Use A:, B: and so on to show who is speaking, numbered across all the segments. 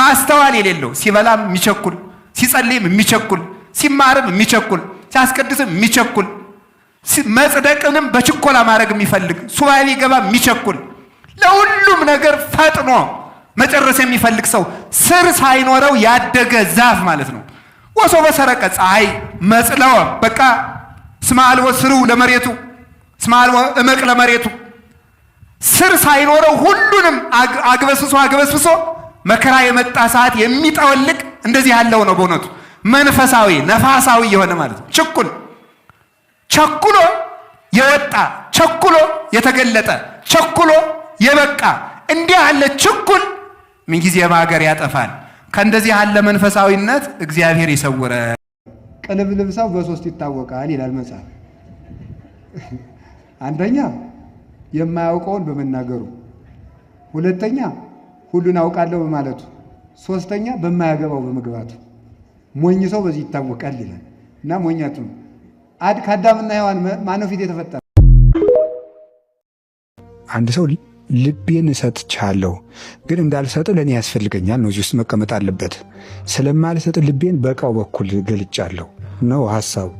A: ማስተዋል የሌለው ሲበላም የሚቸኩል፣ ሲጸልይም የሚቸኩል፣ ሲማርም የሚቸኩል፣ ሲያስቀድስም የሚቸኩል፣ መጽደቅንም በችኮላ ማድረግ የሚፈልግ ሱባኤ ገባ የሚቸኩል፣ ለሁሉም ነገር ፈጥኖ መጨረስ የሚፈልግ ሰው ስር ሳይኖረው ያደገ ዛፍ ማለት ነው። ወሶ በሰረቀ ፀሐይ መጽለወ በቃ ስማልወ ስሩ ለመሬቱ ስማልወ እመቅ ለመሬቱ ስር ሳይኖረው ሁሉንም አግበስብሶ አግበስብሶ መከራ የመጣ ሰዓት የሚጠወልቅ እንደዚህ ያለው ነው። በእውነቱ መንፈሳዊ ነፋሳዊ የሆነ ማለት ነው። ችኩል ቸኩሎ የወጣ ቸኩሎ የተገለጠ ቸኩሎ የበቃ እንዲህ ያለ ችኩል ምንጊዜ በሀገር ያጠፋል። ከእንደዚህ ያለ መንፈሳዊነት እግዚአብሔር ይሰውረ።
B: ቅልብልብ ሰው በሶስት ይታወቃል ይላል መጽሐፍ። አንደኛ የማያውቀውን በመናገሩ፣ ሁለተኛ ሁሉን አውቃለሁ በማለቱ፣ ሶስተኛ በማያገባው በመግባቱ ሞኝ ሰው በዚህ ይታወቃል ይላል እና ሞኛቱ አድ ከአዳምና ሔዋን ማነው ፊት የተፈጠረ?
C: አንድ ሰው ልቤን እሰጥቻለሁ ግን እንዳልሰጥ ለእኔ ያስፈልገኛል ነው። እዚህ ውስጥ መቀመጥ አለበት። ስለማልሰጥ ልቤን በእቃው በኩል ገልጫለሁ ነው ሀሳቡ።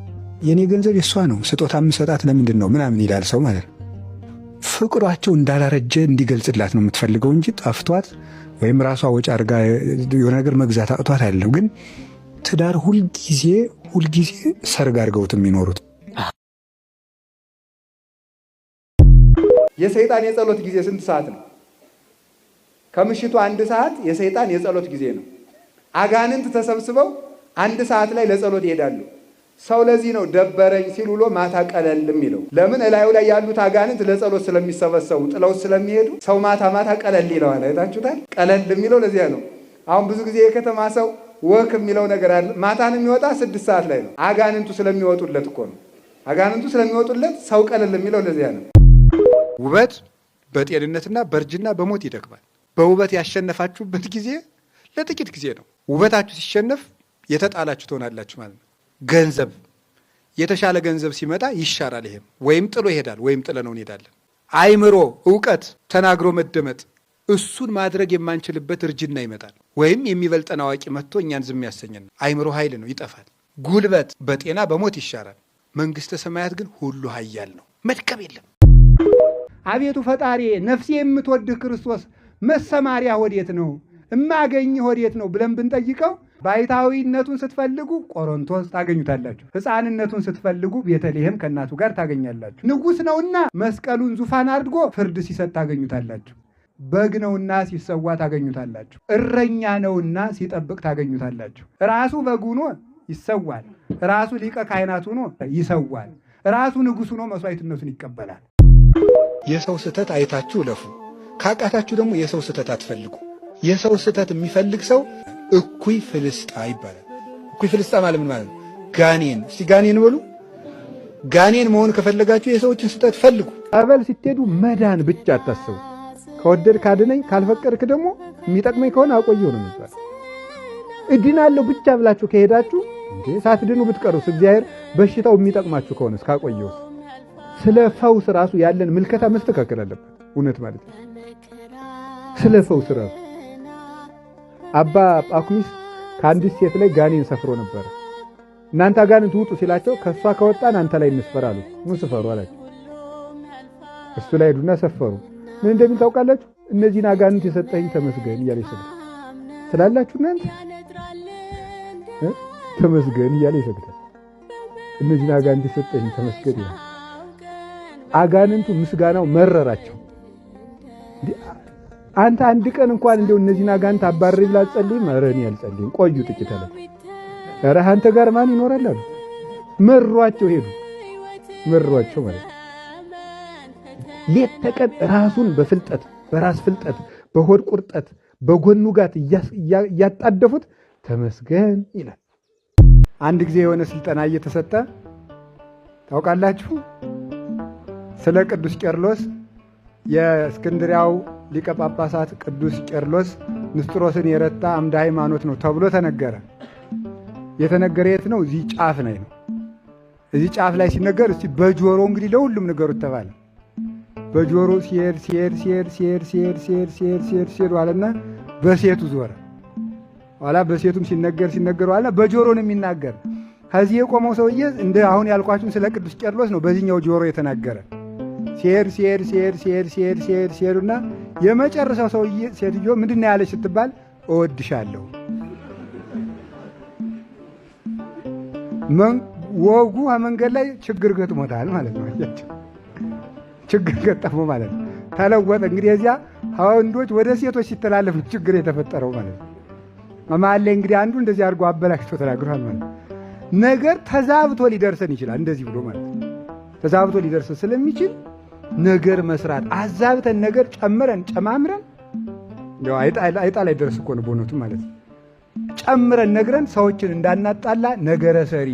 C: የእኔ ገንዘብ የእሷ ነው፣ ስጦታ የምሰጣት ለምንድን ነው ምናምን ይላል ሰው ማለት ነው። ፍቅሯቸው እንዳላረጀ እንዲገልጽላት ነው የምትፈልገው እንጂ ጠፍቷት ወይም ራሷ ወጪ አድርጋ የሆነ ነገር መግዛት አቅቷት አይደለም። ግን ትዳር ሁልጊዜ ሁልጊዜ ሰርግ አድርገውት የሚኖሩት
D: የሰይጣን የጸሎት ጊዜ ስንት ሰዓት ነው? ከምሽቱ አንድ ሰዓት የሰይጣን የጸሎት ጊዜ ነው። አጋንንት ተሰብስበው አንድ ሰዓት ላይ ለጸሎት ይሄዳሉ። ሰው ለዚህ ነው ደበረኝ ሲል ውሎ ማታ ቀለል የሚለው። ለምን እላዩ ላይ ያሉት አጋንንት ለጸሎት ስለሚሰበሰቡ ጥለው ስለሚሄዱ ሰው ማታ ማታ ቀለል ይለዋል። አይታችሁታል? ቀለል የሚለው ለዚያ ነው። አሁን ብዙ ጊዜ የከተማ ሰው ወክ የሚለው ነገር አለ። ማታን የሚወጣ ስድስት ሰዓት ላይ ነው። አጋንንቱ ስለሚወጡለት እኮ ነው። አጋንንቱ ስለሚወጡለት ሰው ቀለል የሚለው ለዚያ ነው።
E: ውበት በጤንነትና በእርጅና በሞት ይደክማል። በውበት ያሸነፋችሁበት ጊዜ ለጥቂት ጊዜ ነው። ውበታችሁ ሲሸነፍ የተጣላችሁ ትሆናላችሁ ማለት ነው። ገንዘብ የተሻለ ገንዘብ ሲመጣ ይሻራል። ይሄም ወይም ጥሎ ይሄዳል ወይም ጥለ ነው እንሄዳለን። አይምሮ፣ እውቀት፣ ተናግሮ መደመጥ እሱን ማድረግ የማንችልበት እርጅና ይመጣል። ወይም የሚበልጠን አዋቂ መጥቶ እኛን ዝም ያሰኘን። አይምሮ ኃይል ነው፣ ይጠፋል። ጉልበት በጤና በሞት ይሻራል። መንግሥተ ሰማያት ግን ሁሉ ኃያል ነው፣ መድከም የለም።
F: አቤቱ ፈጣሪ ነፍሴ የምትወድህ ክርስቶስ መሰማሪያ ወዴት ነው? እማገኝህ ወዴት ነው ብለን ብንጠይቀው ባይታዊነቱን ስትፈልጉ ቆሮንቶስ ታገኙታላችሁ። ሕፃንነቱን ስትፈልጉ ቤተልሔም ከእናቱ ጋር ታገኛላችሁ። ንጉሥ ነውና መስቀሉን ዙፋን አድርጎ ፍርድ ሲሰጥ ታገኙታላችሁ። በግ ነውና ሲሰዋ ታገኙታላችሁ። እረኛ ነውና ሲጠብቅ ታገኙታላችሁ። ራሱ በግ ሆኖ ይሰዋል። ራሱ ሊቀ ካህናት ሆኖ ይሰዋል። ራሱ ንጉሥ ሆኖ መስዋይትነቱን ይቀበላል።
G: የሰው ስህተት አይታችሁ እለፉ። ካቃታችሁ ደግሞ የሰው ስህተት አትፈልጉ። የሰው ስህተት የሚፈልግ ሰው እኩይ ፍልስጣ ይባላል። እኩይ ፍልስጣ ማለት ምን ማለት ነው? ጋኔን። እስቲ ጋኔን በሉ። ጋኔን መሆን ከፈለጋችሁ የሰዎችን ስጠት ፈልጉ።
H: ጸበል ስትሄዱ መዳን ብቻ አታስቡ። ከወደድ ካድነኝ፣ ካልፈቀድክ ደግሞ የሚጠቅመኝ ከሆነ አቆየው ነው የሚባል። እድናለሁ ብቻ ብላችሁ ከሄዳችሁ ሳትድኑ ብትቀሩስ? እግዚአብሔር በሽታው የሚጠቅማችሁ ከሆነ እስካቆየውስ? ስለ ፈውስ ራሱ ያለን ምልከታ መስተካከል አለበት። እውነት ማለት ነው ስለ ፈውስ ራሱ አባ ጳኩሚስ ከአንዲት ሴት ላይ ጋኔን ሰፍሮ ነበር። እናንተ አጋንንት ውጡ ሲላቸው ከእሷ ከወጣን አንተ ላይ እንስፈር አሉት። ምን ስፈሩ አላቸው። እሱ ላይ ሄዱና ሰፈሩ። ምን እንደሚል ታውቃላችሁ? እነዚህን አጋንንት የሰጠኝ ተመስገን እያለ ይሰግዳል ስላላችሁ እናንተ ተመስገን እያለ ይሰግዳል። እነዚህን አጋንንት የሰጠኝ ተመስገን ይላል። አጋንንቱ ምስጋናው መረራቸው። አንተ አንድ ቀን እንኳን እንደው እነዚህን አጋንንት አባሪ ብላ አትጸልይም? ኧረ ቆዩ ጥቂት አለ። ኧረ አንተ ጋር ማን ይኖራል አሉ። መሯቸው ሄዱ። መሯቸው ማለት ሌት ተቀን ራሱን በፍልጠት በራስ ፍልጠት በሆድ ቁርጠት በጎኑ ጋት እያጣደፉት ተመስገን ይላል።
I: አንድ ጊዜ የሆነ ስልጠና እየተሰጠ ታውቃላችሁ ስለ ቅዱስ ቄርሎስ የእስክንድሪያው ሊቀ ጳጳሳት ቅዱስ ቄርሎስ ንስጥሮስን የረታ አምደ ሃይማኖት ነው ተብሎ ተነገረ። የተነገረ የት ነው? እዚህ ጫፍ ላይ ነው። እዚህ ጫፍ ላይ ሲነገር እስቲ በጆሮ እንግዲህ ለሁሉም ነገሩ ተባለ። በጆሮ ሲሄድ ሲሄድ ሲሄድ ሲሄድ ሲሄድ ሲሄድ ሲሄድ ሲሄድ ሲሄድ ዋለና በሴቱ ዞረ። ኋላ በሴቱም ሲነገር ሲነገር ዋለና በጆሮ ነው የሚናገር። ከዚህ የቆመው ሰውዬ እንደ አሁን ያልኳችሁን ስለ ቅዱስ ቄርሎስ ነው በዚህኛው ጆሮ የተናገረ። ሲሄድ ሲሄድ ሲሄድ ሲሄድ ሲሄድ ሲሄድ ሲሄዱና የመጨረሻው ሰውዬ ሴትዮ ምንድን ያለች ስትባል እወድሻለሁ። ወጉ መንገድ ላይ ችግር ገጥሞታል ማለት ነው። ችግር ገጠሞ ማለት ነው። ተለወጠ እንግዲህ እዚያ ወንዶች ወደ ሴቶች ሲተላለፍ ችግር የተፈጠረው ማለት ነው። መሀል ላይ እንግዲህ አንዱ እንደዚህ አድርጎ አበላሽቶ ተናግሯል ማለት ነገር ተዛብቶ ሊደርሰን ይችላል። እንደዚህ ብሎ ማለት ተዛብቶ ሊደርሰን ስለሚችል ነገር መስራት አዛብተን ነገር ጨምረን ጨማምረን አይጣ ላይ ደረስ እኮ ነው በእውነቱ ማለት ነው። ጨምረን ነግረን ሰዎችን እንዳናጣላ ነገረ ሰሪ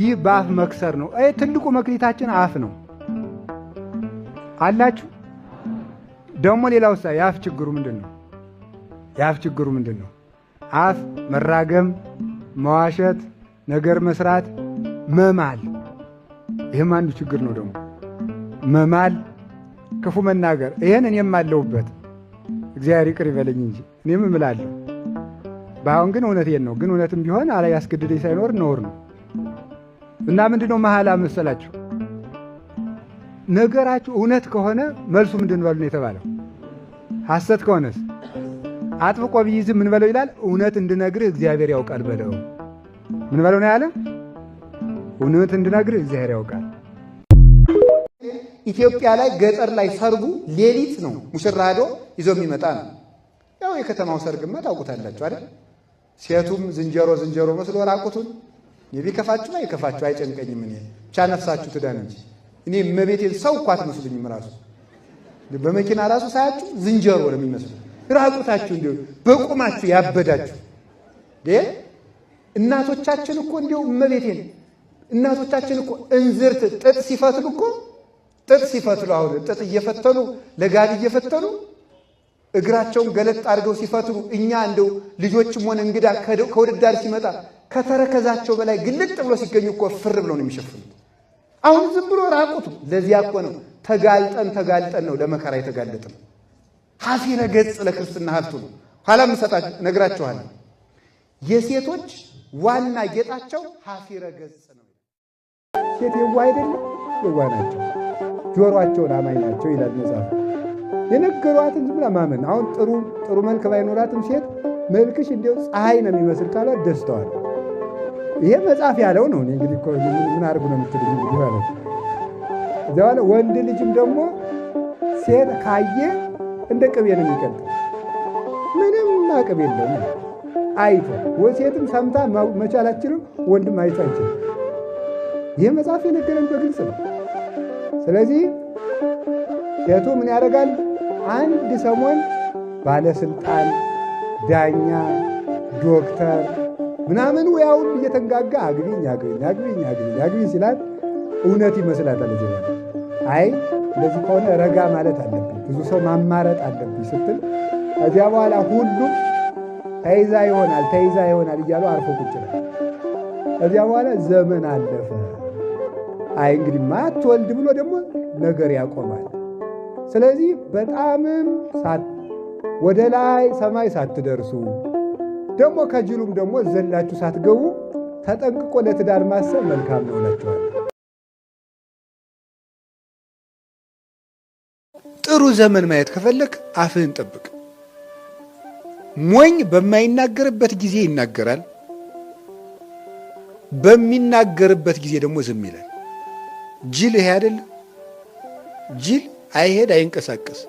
I: ይህ በአፍ መክሰር ነው። ትልቁ መክሊታችን አፍ ነው አላችሁ። ደግሞ ሌላ ውሳ የአፍ ችግሩ ምንድን ነው? የአፍ ችግሩ ምንድን ነው? አፍ መራገም፣ መዋሸት፣ ነገር መስራት፣ መማል ይህም አንዱ ችግር ነው ደግሞ መማል፣ ክፉ መናገር ይህን እኔም አለሁበት። እግዚአብሔር ይቅር ይበለኝ እንጂ እኔም እምላለሁ። በአሁን ግን እውነቴን ነው። ግን እውነትም ቢሆን አላ ያስገድደኝ ሳይኖር ነውር ነው እና ምንድን ነው መሐላ መሰላችሁ ነገራችሁ እውነት ከሆነ መልሱ ምንድን በሉ ነው የተባለው። ሐሰት ከሆነስ አጥብቆ ብይዝ ምን በለው ይላል። እውነት እንድነግርህ እግዚአብሔር ያውቃል በለው። ምን በለው ነው ያለ። እውነት እንድነግርህ እግዚአብሔር ያውቃል።
J: ኢትዮጵያ ላይ ገጠር ላይ ሰርጉ ሌሊት ነው። ሙሽራ ሄዶ ይዞ የሚመጣ ነው። ያው የከተማው ሰርግማ ታውቁታላችሁ አይደል? ሴቱም ዝንጀሮ ዝንጀሮ መስሎ ራቁቱን። እኔ ቢከፋችሁ አይከፋችሁ አይጨንቀኝም። እኔ ብቻ ነፍሳችሁ ትዳን እንጂ እኔ እመቤቴን ሰው እኮ አትመስሉኝም። ራሱ በመኪና ራሱ ሳያችሁ ዝንጀሮ ነው የሚመስሉ ራቁታችሁ፣ እንዲሁ በቁማችሁ ያበዳችሁ እናቶቻችን እኮ እንዲሁ እመቤቴን እናቶቻችን እኮ እንዝርት ጥጥ ሲፈትሉ እኮ ጥጥ ሲፈትሉ አሁን ጥጥ እየፈተኑ ለጋድ እየፈተኑ እግራቸውን ገለጥ አድርገው ሲፈትሉ እኛ እንደው ልጆችም ሆነ እንግዳ ከውድዳር ሲመጣ ከተረከዛቸው በላይ ግልጥ ብሎ ሲገኙ እኮ ፍር ብለው ነው የሚሸፍኑት። አሁን ዝም ብሎ ራቁቱ። ለዚያ እኮ ነው ተጋልጠን ተጋልጠን ነው ለመከራ የተጋለጠ ነው። ሐፊረ ገጽ ለክርስትና ሀብቱ ነው። ኋላ ምሰጣ እነግራችኋለሁ። የሴቶች ዋና ጌጣቸው ሀፊረ ገጽ ነው። ሴት የዋ አይደለም የዋ ናቸው። ጆሮአቸውን አማኝ ናቸው ይላል መጽሐፍ። የነገሯትን ዝም ብላ ማመን። አሁን ጥሩ ጥሩ መልክ ባይኖራትም ሴት መልክሽ እንዲያው ፀሐይ ነው የሚመስል ካሏት ደስተዋል። ይሄ መጽሐፍ ያለው ነው። እኔ እንግዲህ ምን አድርጉ ነው የምትል እንግዲህ ማለት እዚያ ወንድ ልጅም ደግሞ ሴት ካየ እንደ ቅቤ ነው የሚቀልጥ ምንም አቅብ የለም አይቶ ወሴትም ሴትም ሰምታ መቻል አችልም፣ ወንድም አይቶ አይችልም። ይህ መጽሐፍ የነገረን በግልጽ ነው። ስለዚህ ሴቱ ምን ያደርጋል? አንድ ሰሞን ባለስልጣን፣ ዳኛ፣ ዶክተር ምናምን ያውን እየተንጋጋ አግቢኝ አግቢኝ አግቢኝ አግቢኝ አግቢኝ ሲላል እውነት ይመስላታል። ዜና አይ እንደዚህ ከሆነ ረጋ ማለት አለብኝ፣ ብዙ ሰው ማማረጥ አለብኝ ስትል ከዚያ በኋላ ሁሉም ተይዛ ይሆናል ተይዛ ይሆናል እያሉ አርፎ ቁጭ ነው። ከዚያ በኋላ ዘመን አለፈ። አይ እንግዲህማ አትወልድ ብሎ ደግሞ ነገር ያቆማል። ስለዚህ በጣምም ወደ ላይ ሰማይ ሳትደርሱ ደግሞ ከጅሉም ደግሞ ዘላችሁ ሳትገቡ ተጠንቅቆ ለትዳር ማሰብ መልካም ነው እላችኋለሁ።
K: ጥሩ ዘመን ማየት ከፈለግ አፍህን ጠብቅ። ሞኝ በማይናገርበት ጊዜ ይናገራል፣ በሚናገርበት ጊዜ ደግሞ ዝም ይላል። ጅል ይሄ አይደል? ጅል አይሄድ አይንቀሳቀስ።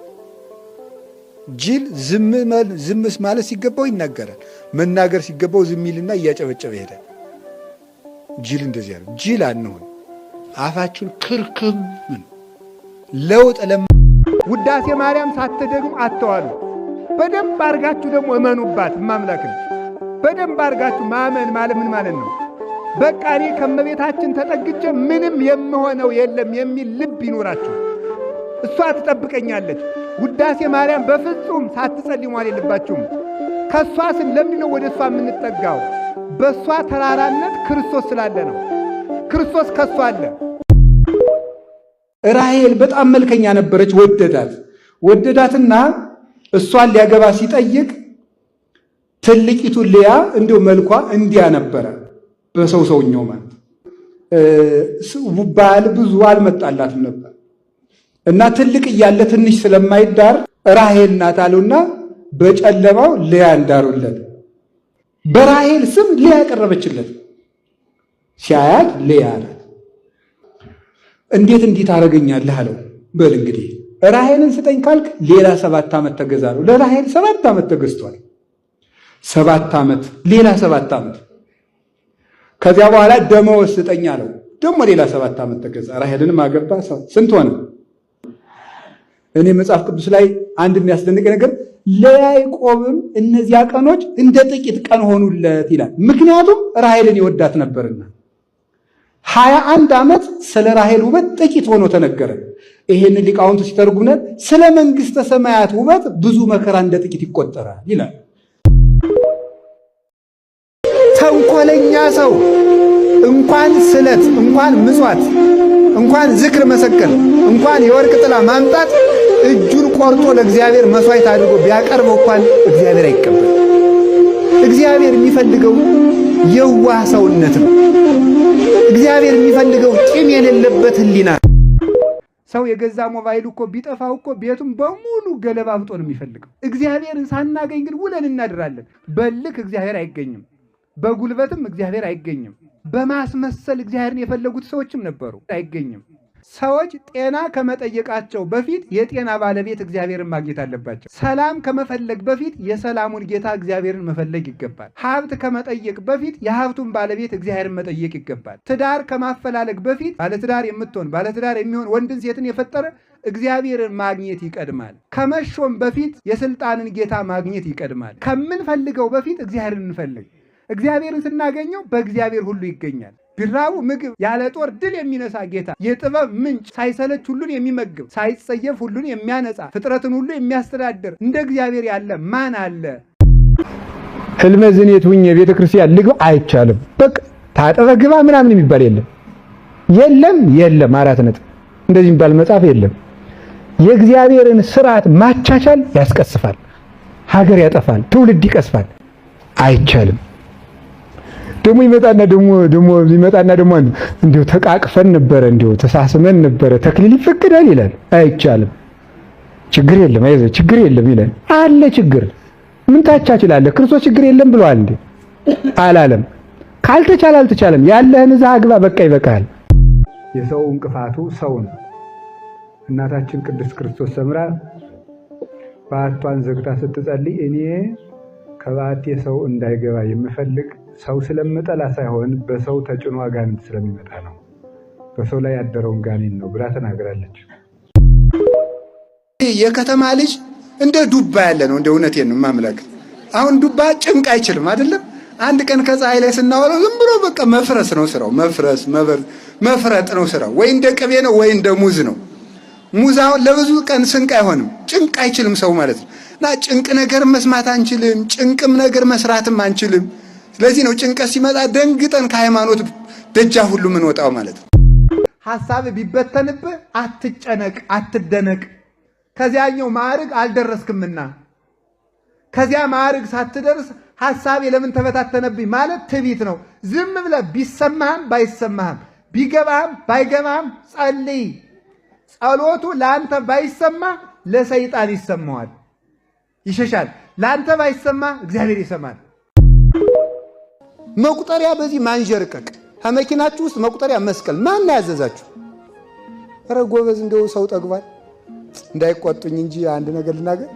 K: ጅል ዝምስ ማለት ሲገባው ይናገራል፣ መናገር ሲገባው ዝም ይልና እያጨበጨበ ይሄዳል። ጅል እንደዚህ ያለ ጅል አንሆን። አፋችን ክርክም ለውጥ ለማ
L: ውዳሴ ማርያም ሳትደግም አተዋሉ። በደንብ አድርጋችሁ ደግሞ እመኑባት። ማምላክ ነው። በደንብ አርጋችሁ ማመን ማለት ምን ማለት ነው? በቃ እኔ ከመቤታችን ተጠግቼ ምንም የምሆነው የለም የሚል ልብ ይኖራችሁ። እሷ ትጠብቀኛለች። ውዳሴ ማርያም በፍጹም ሳትጸልሙ መዋል ከእሷ ስም ለምንድነው ወደ እሷ የምንጠጋው? በእሷ ተራራነት ክርስቶስ ስላለ ነው። ክርስቶስ ከእሷ አለ።
M: ራሄል በጣም መልከኛ ነበረች። ወደዳት ወደዳትና እሷን ሊያገባ ሲጠይቅ ትልቂቱ ልያ እንዲሁ መልኳ እንዲያ ነበረ። በሰው ሰውኛው ማለት ባል ብዙ አልመጣላትም ነበር እና ትልቅ እያለ ትንሽ ስለማይዳር ራሄል ናት አሉና በጨለማው ልያ እንዳሩለት በራሄል ስም ልያ ያቀረበችለት ሲያያት ልያ ናት። እንዴት እንዲህ ታደርገኛለህ አለው። በል እንግዲህ ራሄልን ስጠኝ ካልክ ሌላ ሰባት ዓመት ተገዛ ነው። ለራሄል ሰባት ዓመት ተገዝቷል። ሰባት ዓመት ሌላ ሰባት ዓመት ከዚያ በኋላ ደመወዝ ስጠኝ አለው። ደግሞ ሌላ ሰባት ዓመት ተገዛ። ራሄልንም አገባ። ስንት ሆነ? እኔ መጽሐፍ ቅዱስ ላይ አንድ የሚያስደንቅ ነገር ለያይቆብም እነዚያ ቀኖች እንደ ጥቂት ቀን ሆኑለት ይላል። ምክንያቱም ራሄልን ይወዳት ነበርና ሀያ አንድ ዓመት ስለ ራሄል ውበት ጥቂት ሆኖ ተነገረ። ይሄንን ሊቃውንቱ ሲተርጉምነት ስለ መንግሥተ ሰማያት ውበት ብዙ መከራ እንደ ጥቂት ይቆጠራል ይላል።
N: ለእኛ ሰው እንኳን ስለት እንኳን ምጽዋት እንኳን ዝክር መሰከር እንኳን የወርቅ ጥላ ማምጣት እጁን ቆርጦ ለእግዚአብሔር መስዋዕት አድርጎ ቢያቀርበው እንኳን እግዚአብሔር አይቀበል። እግዚአብሔር የሚፈልገው የዋህ ሰውነት ነው። እግዚአብሔር የሚፈልገው ጢም የሌለበት ህሊና
O: ሰው የገዛ ሞባይል እኮ ቢጠፋው እኮ ቤቱን በሙሉ ገለባብጦ ነው የሚፈልገው። እግዚአብሔርን ሳናገኝ ግን ውለን እናድራለን። በልክ እግዚአብሔር አይገኝም። በጉልበትም እግዚአብሔር አይገኝም። በማስመሰል እግዚአብሔርን የፈለጉት ሰዎችም ነበሩ፣ አይገኝም። ሰዎች ጤና ከመጠየቃቸው በፊት የጤና ባለቤት እግዚአብሔርን ማግኘት አለባቸው። ሰላም ከመፈለግ በፊት የሰላሙን ጌታ እግዚአብሔርን መፈለግ ይገባል። ሀብት ከመጠየቅ በፊት የሀብቱን ባለቤት እግዚአብሔርን መጠየቅ ይገባል። ትዳር ከማፈላለግ በፊት ባለትዳር የምትሆን ባለትዳር የሚሆን ወንድን ሴትን የፈጠረ እግዚአብሔርን ማግኘት ይቀድማል። ከመሾም በፊት የስልጣንን ጌታ ማግኘት ይቀድማል። ከምንፈልገው በፊት እግዚአብሔርን እንፈልግ። እግዚአብሔርን ስናገኘው በእግዚአብሔር ሁሉ ይገኛል። ቢራቡ ምግብ ያለ ጦር ድል የሚነሳ ጌታ የጥበብ ምንጭ ሳይሰለች ሁሉን የሚመግብ ሳይጸየፍ ሁሉን የሚያነጻ ፍጥረትን ሁሉ የሚያስተዳድር እንደ እግዚአብሔር ያለ ማን አለ?
P: ህልመ ዝኔት ሁኜ ቤተ ክርስቲያን ልግባ አይቻልም። በቃ ታጠበ ግባ ምናምን የሚባል የለም የለም የለም። አራት ነጥብ። እንደዚህ የሚባል መጽሐፍ የለም። የእግዚአብሔርን ስርዓት ማቻቻል ያስቀስፋል፣ ሀገር ያጠፋል፣ ትውልድ ይቀስፋል። አይቻልም። ደግሞ ይመጣና ደግሞ ደግሞ ይመጣና ደግሞ እንደው ተቃቅፈን ነበረ እንደው ተሳስመን ነበረ ተክሊል ይፈቅዳል ይላል። አይቻልም፣ ችግር የለም፣ አይዞህ ችግር የለም ይላል። አለ ችግር ምን ታቻችላለህ? ክርስቶስ ችግር የለም ብሏል እንዴ? አላለም። ካልተቻለ አልተቻለም። ያለህን እዛ አግባ፣ በቃ ይበቃል።
Q: የሰው እንቅፋቱ ሰው ነው። እናታችን ቅድስት ክርስቶስ ሰምራ በአቷን ዘግታ ስትጸልይ እኔ ከባቴ ሰው እንዳይገባ የምፈልግ ሰው ስለምጠላ ሳይሆን በሰው ተጭኖ አጋንንት ስለሚመጣ ነው። በሰው ላይ ያደረውን ጋኔን ነው ብላ ተናግራለች።
R: የከተማ ልጅ እንደ ዱባ ያለ ነው። እንደ እውነቴን ነው ማምለክ። አሁን ዱባ ጭንቅ አይችልም አይደለም። አንድ ቀን ከፀሐይ ላይ ስናወራው ዝም ብሎ በቃ መፍረስ ነው ስራው፣ መፍረስ መፍረጥ ነው ስራው። ወይ እንደ ቅቤ ነው ወይ እንደ ሙዝ ነው። ሙዝ አሁን ለብዙ ቀን ስንቅ አይሆንም። ጭንቅ አይችልም ሰው ማለት ነው። እና ጭንቅ ነገር መስማት አንችልም፣ ጭንቅም ነገር መስራትም አንችልም። ለዚህ ነው ጭንቀት ሲመጣ ደንግጠን ከሃይማኖት ደጃ ሁሉ ምንወጣው ማለት ነው።
S: ሀሳብ ቢበተንብህ አትጨነቅ፣ አትደነቅ። ከዚያኛው ማዕርግ አልደረስክምና ከዚያ ማዕርግ ሳትደርስ ሀሳቤ ለምን ተበታተነብኝ ማለት ትቢት ነው። ዝም ብለህ ቢሰማህም ባይሰማህም ቢገባህም ባይገባህም ጸልይ። ጸሎቱ ለአንተ ባይሰማ ለሰይጣን ይሰማዋል፣ ይሸሻል። ለአንተ ባይሰማ እግዚአብሔር ይሰማል። መቁጠሪያ በዚህ ማንዠርቀቅ፣ ከመኪናችሁ ውስጥ መቁጠሪያ መስቀል ማን ያዘዛችሁ? ኧረ ጎበዝ እንደው ሰው ጠግቧል። እንዳይቆጡኝ እንጂ አንድ ነገር ልናገር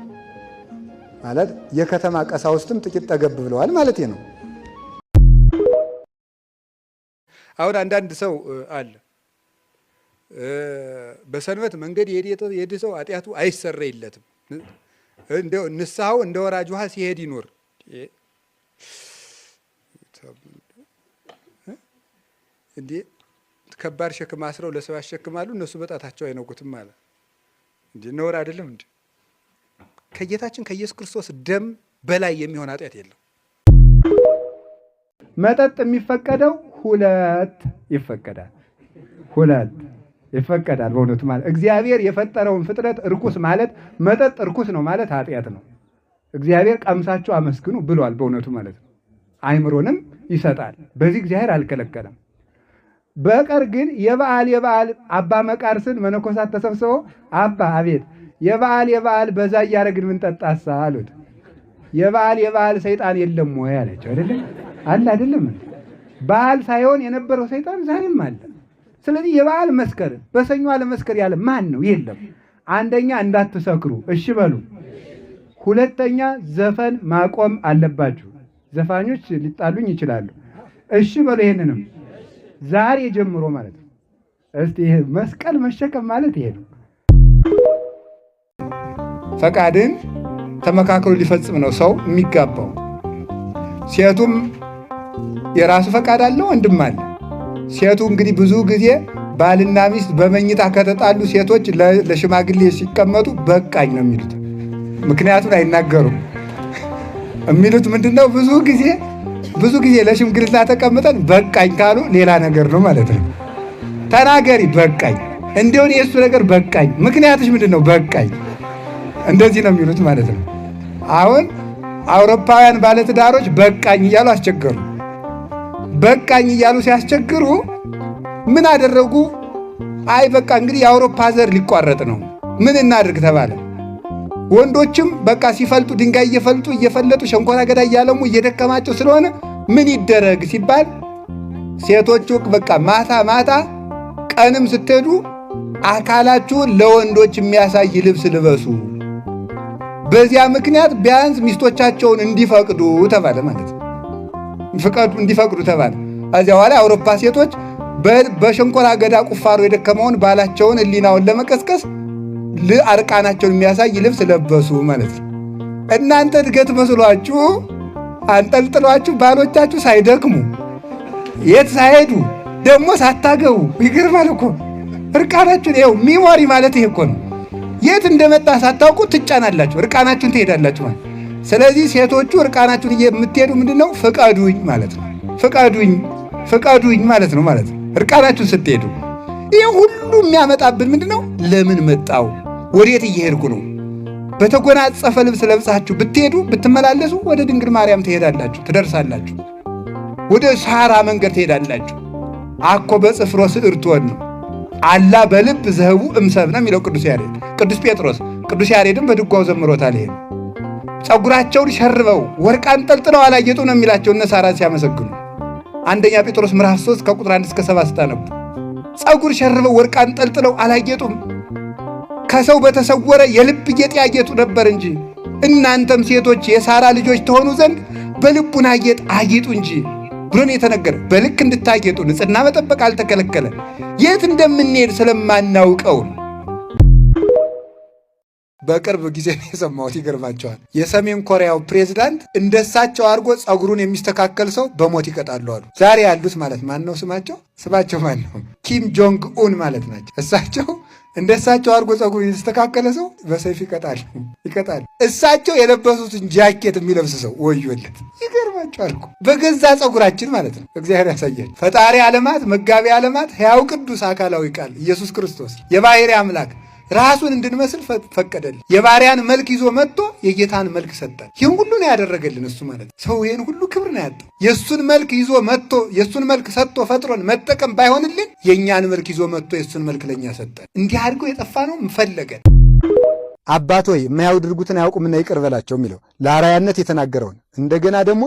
S: ማለት የከተማ ቀሳውስትም ጥቂት ጠገብ ብለዋል ማለት ነው።
T: አሁን አንዳንድ ሰው አለ በሰንበት መንገድ የሄደ ሰው ኃጢአቱ አይሰረይለትም፣ ንስሐው እንደ ወራጅ ውሃ ሲሄድ ይኖር እንዴ ከባድ ሸክም አስረው ለሰው ያሸክማሉ፣ እነሱ በጣታቸው አይነጉትም ማለት እንዴ ነውር አይደለም። እንዴ? ከጌታችን ከኢየሱስ ክርስቶስ ደም በላይ የሚሆን ኃጢአት የለም።
U: መጠጥ የሚፈቀደው ሁለት ይፈቀዳል፣ ሁለት ይፈቀዳል። በእውነቱ ማለት እግዚአብሔር የፈጠረውን ፍጥረት እርኩስ ማለት መጠጥ እርኩስ ነው ማለት ኃጢአት ነው። እግዚአብሔር ቀምሳችሁ አመስግኑ ብሏል። በእውነቱ ማለት ነው። አይምሮንም ይሰጣል። በዚህ እግዚአብሔር አልከለከለም። በቀር ግን የበዓል የበዓል አባ መቃርስን መነኮሳት ተሰብስበው አባ አቤት የበዓል የበዓል በዛ እያደረግን ምንጠጣሳ አሉት። የበዓል የበዓል ሰይጣን የለም ወይ አላቸው። አይደለም አለ አይደለም በዓል ሳይሆን የነበረው ሰይጣን ዛሬም አለ። ስለዚህ የበዓል መስከር በሰኞ አለመስከር ያለ ማን ነው? የለም። አንደኛ እንዳትሰክሩ እሺ በሉ። ሁለተኛ ዘፈን ማቆም አለባችሁ። ዘፋኞች ሊጣሉኝ ይችላሉ። እሺ በሉ ይሄንንም ዛሬ ጀምሮ ማለት ነው። እስቲ ይሄ መስቀል መሸከም ማለት ይሄ ነው።
V: ፈቃድን ተመካክሎ ሊፈጽም ነው ሰው የሚጋባው። ሴቱም የራሱ ፈቃድ አለው፣ ወንድም አለ። ሴቱ እንግዲህ ብዙ ጊዜ ባልና ሚስት በመኝታ ከተጣሉ ሴቶች ለሽማግሌ ሲቀመጡ በቃኝ ነው የሚሉት። ምክንያቱን አይናገሩም። የሚሉት ምንድነው? ብዙ ጊዜ ብዙ ጊዜ ለሽምግልና ተቀምጠን በቃኝ ካሉ ሌላ ነገር ነው ማለት ነው። ተናገሪ በቃኝ፣ እንዲሁን የእሱ ነገር በቃኝ፣ ምክንያትሽ ምንድን ነው? በቃኝ። እንደዚህ ነው የሚሉት ማለት ነው። አሁን አውሮፓውያን ባለትዳሮች በቃኝ እያሉ አስቸገሩ። በቃኝ እያሉ ሲያስቸግሩ ምን አደረጉ? አይ በቃ እንግዲህ የአውሮፓ ዘር ሊቋረጥ ነው ምን እናድርግ ተባለ። ወንዶችም በቃ ሲፈልጡ ድንጋይ እየፈልጡ እየፈለጡ ሸንኮራ አገዳ እያለሙ እየደከማቸው ስለሆነ ምን ይደረግ ሲባል ሴቶቹ በቃ ማታ ማታ ቀንም ስትሄዱ አካላችሁን ለወንዶች የሚያሳይ ልብስ ልበሱ። በዚያ ምክንያት ቢያንስ ሚስቶቻቸውን እንዲፈቅዱ ተባለ ማለት ፍቀዱ እንዲፈቅዱ ተባለ። ከዚያ በኋላ አውሮፓ ሴቶች በሸንኮራ አገዳ ቁፋሮ የደከመውን ባላቸውን ሕሊናውን ለመቀስቀስ እርቃናቸውን የሚያሳይ ልብስ ለበሱ ማለት ነው። እናንተ እድገት መስሏችሁ አንጠልጥሏችሁ ባሎቻችሁ ሳይደክሙ የት ሳይሄዱ ደግሞ ሳታገቡ ይገርማል እኮ እርቃናችሁን። ይኸው ሚሞሪ ማለት ይሄ እኮ ነው። የት እንደመጣ ሳታውቁ ትጫናላችሁ፣ እርቃናችሁን ትሄዳላችሁ ማለት። ስለዚህ ሴቶቹ እርቃናችሁን የምትሄዱ ምንድን ነው? ፍቀዱኝ ማለት ነው። ፍቀዱኝ ፍቀዱኝ ማለት ነው ማለት ነው። እርቃናችሁን ስትሄዱ ይህ ሁሉ የሚያመጣብን ምንድን ነው? ለምን መጣው ወዴት እየሄድኩ ነው? በተጎናጸፈ ልብስ ለብሳችሁ ብትሄዱ ብትመላለሱ ወደ ድንግል ማርያም ትሄዳላችሁ፣ ትደርሳላችሁ። ወደ ሳራ መንገድ ትሄዳላችሁ። አኮ በጽፍሮ ስእርትወን ነው አላ በልብ ዘህቡ እምሰብ ነው የሚለው ቅዱስ ያሬድ ቅዱስ ጴጥሮስ። ቅዱስ ያሬድም በድጓው ዘምሮታል። ይሄ ጸጉራቸውን ሸርበው ወርቅ አንጠልጥለው አላጌጡ ነው የሚላቸው እነ ሳራን ሲያመሰግኑ አንደኛ ጴጥሮስ ምዕራፍ 3 ከቁጥር 1 እስከ 7 ስታነቡ ጸጉር ሸርበው ወርቅ አንጠልጥለው አላጌጡም ከሰው በተሰወረ የልብ ጌጥ ያጌጡ ነበር እንጂ። እናንተም ሴቶች የሳራ ልጆች ተሆኑ ዘንድ በልቡና ጌጥ አጌጡ እንጂ ብሎን የተነገረ በልክ እንድታጌጡ ንጽሕና መጠበቅ አልተከለከለ። የት እንደምንሄድ ስለማናውቀው
W: በቅርብ ጊዜ የሰማሁት ይገርማቸዋል። የሰሜን ኮሪያው ፕሬዝዳንት እንደሳቸው አድርጎ ጸጉሩን የሚስተካከል ሰው በሞት ይቀጣሉ አሉ። ዛሬ ያሉት ማለት ማን ነው? ስማቸው ስማቸው ማን ነው? ኪም ጆንግ ኡን ማለት ናቸው እሳቸው እንደሳቸው አድርጎ ጸጉር የተስተካከለ ሰው በሰይፍ ይቀጣል ይቀጣል። እሳቸው የለበሱትን ጃኬት የሚለብስ ሰው ወዮለት። ይገርማቸዋል። በገዛ ጸጉራችን ማለት ነው። እግዚአብሔር ያሳያል። ፈጣሪ ዓለማት መጋቢ ዓለማት ሕያው ቅዱስ አካላዊ ቃል ኢየሱስ ክርስቶስ የባሕርይ አምላክ ራሱን እንድንመስል ፈቀደልን። የባሪያን መልክ ይዞ መጥቶ የጌታን መልክ ሰጠን። ይህን ሁሉ ነው ያደረገልን እሱ ማለት ሰው ይህን ሁሉ ክብር ነው ያጣው። የእሱን መልክ ይዞ መጥቶ የእሱን መልክ ሰጥቶ ፈጥሮን መጠቀም ባይሆንልን የእኛን መልክ ይዞ መጥቶ የእሱን መልክ ለእኛ ሰጠን። እንዲህ አድርገው የጠፋ ነው ፈለገን።
X: አባት ሆይ የማያደርጉትን አያውቁምና ይቅር በላቸው የሚለው ለአራያነት የተናገረውን እንደገና ደግሞ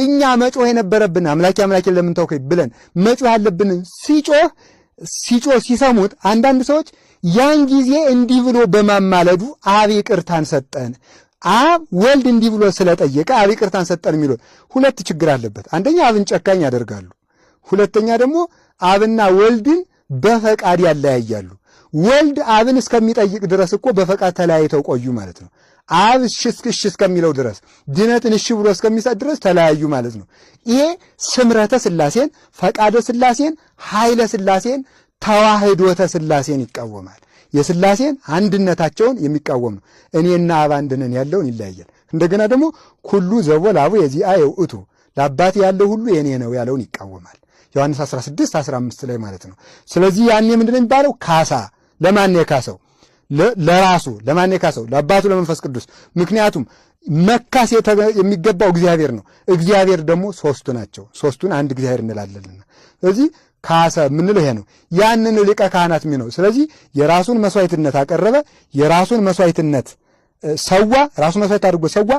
X: እኛ መጮህ የነበረብን አምላኬ አምላኬ ለምን ተውከኝ ብለን መጮህ ያለብን ሲጮህ ሲጮ ሲሰሙት አንዳንድ ሰዎች ያን ጊዜ እንዲህ ብሎ በማማለዱ አብ ይቅርታን ሰጠን፣ አብ ወልድ እንዲህ ብሎ ስለጠየቀ አብ ይቅርታን ሰጠን የሚሉት ሁለት ችግር አለበት። አንደኛ አብን ጨካኝ ያደርጋሉ። ሁለተኛ ደግሞ አብና ወልድን በፈቃድ ያለያያሉ። ወልድ አብን እስከሚጠይቅ ድረስ እኮ በፈቃድ ተለያይተው ቆዩ ማለት ነው። አብ እሽስክሽ እስከሚለው ድረስ ድነትን እሺ ብሎ እስከሚሰጥ ድረስ ተለያዩ ማለት ነው። ይሄ ስምረተ ስላሴን፣ ፈቃደ ስላሴን፣ ኃይለ ስላሴን፣ ተዋህዶተ ስላሴን ይቃወማል። የስላሴን አንድነታቸውን የሚቃወም ነው። እኔና አብ አንድነን ያለውን ይለያያል። እንደገና ደግሞ ኩሉ ዘቦ ላቡ አየው እቱ ለአባት ያለው ሁሉ የእኔ ነው ያለውን ይቃወማል። ዮሐንስ 16 15 ላይ ማለት ነው። ስለዚህ ያኔ ምንድን ነው የሚባለው? ካሳ ለማን የካሰው ለራሱ ለማን የካሰው? ለአባቱ ለመንፈስ ቅዱስ። ምክንያቱም መካስ የሚገባው እግዚአብሔር ነው። እግዚአብሔር ደግሞ ሶስቱ ናቸው። ሶስቱን አንድ እግዚአብሔር እንላለንና ስለዚህ ካሰ የምንለው ይሄ ነው። ያንን ሊቀ ካህናት ነው። ስለዚህ የራሱን መስዋዕትነት አቀረበ። የራሱን መስዋዕትነት ሰዋ ራሱ መስዋዕት አድርጎ ሰዋ።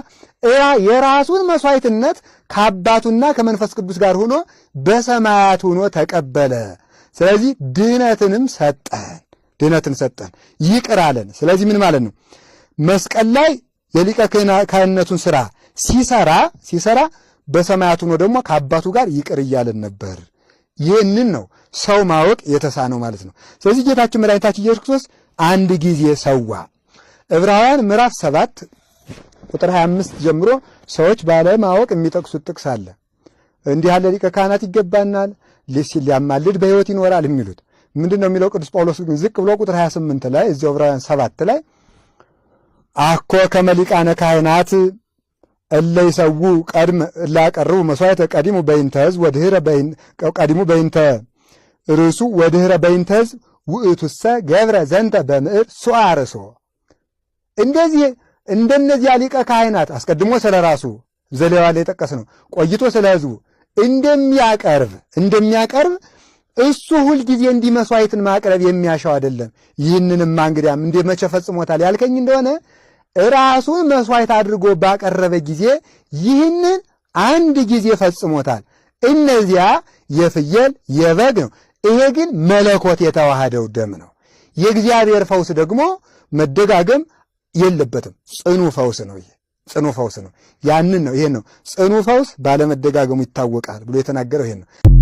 X: የራሱን መስዋዕትነት ከአባቱና ከመንፈስ ቅዱስ ጋር ሆኖ በሰማያት ሆኖ ተቀበለ። ስለዚህ ድህነትንም ሰጠን። ድህነትን ሰጠን፣ ይቅር አለን። ስለዚህ ምን ማለት ነው? መስቀል ላይ የሊቀ ካህንነቱን ስራ ሲሰራ ሲሰራ በሰማያቱ ነው ደግሞ ከአባቱ ጋር ይቅር እያለን ነበር። ይህንን ነው ሰው ማወቅ የተሳነው ማለት ነው። ስለዚህ ጌታችን መድኃኒታችን ኢየሱስ ክርስቶስ አንድ ጊዜ ሰዋ። ዕብራውያን ምዕራፍ ሰባት ቁጥር 25 ጀምሮ ሰዎች ባለማወቅ የሚጠቅሱት ጥቅስ አለ። እንዲህ ያለ ሊቀ ካህናት ይገባናል፣ ሊያማልድ በሕይወት ይኖራል የሚሉት ምንድን ነው የሚለው ቅዱስ ጳውሎስ ግን ዝቅ ብሎ ቁጥር 28 ላይ እዚ ዕብራውያን 7 ላይ አኮ ከመሊቃነ ካህናት እለ ይሰዉ ቀድም ላቀርቡ መስዋዕተ ቀዲሙ በይንተ ሕዝብ ወድህረ ቀዲሙ በይንተ ርእሱ ወድህረ በይንተ ሕዝብ ውእቱሰ ገብረ ዘንተ በምዕር ሱአ ርእሶ። እንደዚህ እንደነዚያ ሊቀ ካህናት አስቀድሞ ስለ ራሱ ዘሌዋ ላይ የጠቀስ ነው ቆይቶ ስለ ህዝቡ እንደሚያቀርብ እንደሚያቀርብ እሱ ሁልጊዜ እንዲህ መሥዋዕትን ማቅረብ የሚያሻው አይደለም። ይህንንማ እንግዲያም እንደ መቼ ፈጽሞታል ያልከኝ እንደሆነ ራሱን መሥዋዕት አድርጎ ባቀረበ ጊዜ ይህንን አንድ ጊዜ ፈጽሞታል። እነዚያ የፍየል የበግ ነው። ይሄ ግን መለኮት የተዋሃደው ደም ነው። የእግዚአብሔር ፈውስ ደግሞ መደጋገም የለበትም። ጽኑ ፈውስ ነው። ይሄ ጽኑ ፈውስ ነው። ያንን ነው ይሄን ነው ጽኑ ፈውስ ባለመደጋገሙ ይታወቃል ብሎ የተናገረው ይሄን ነው።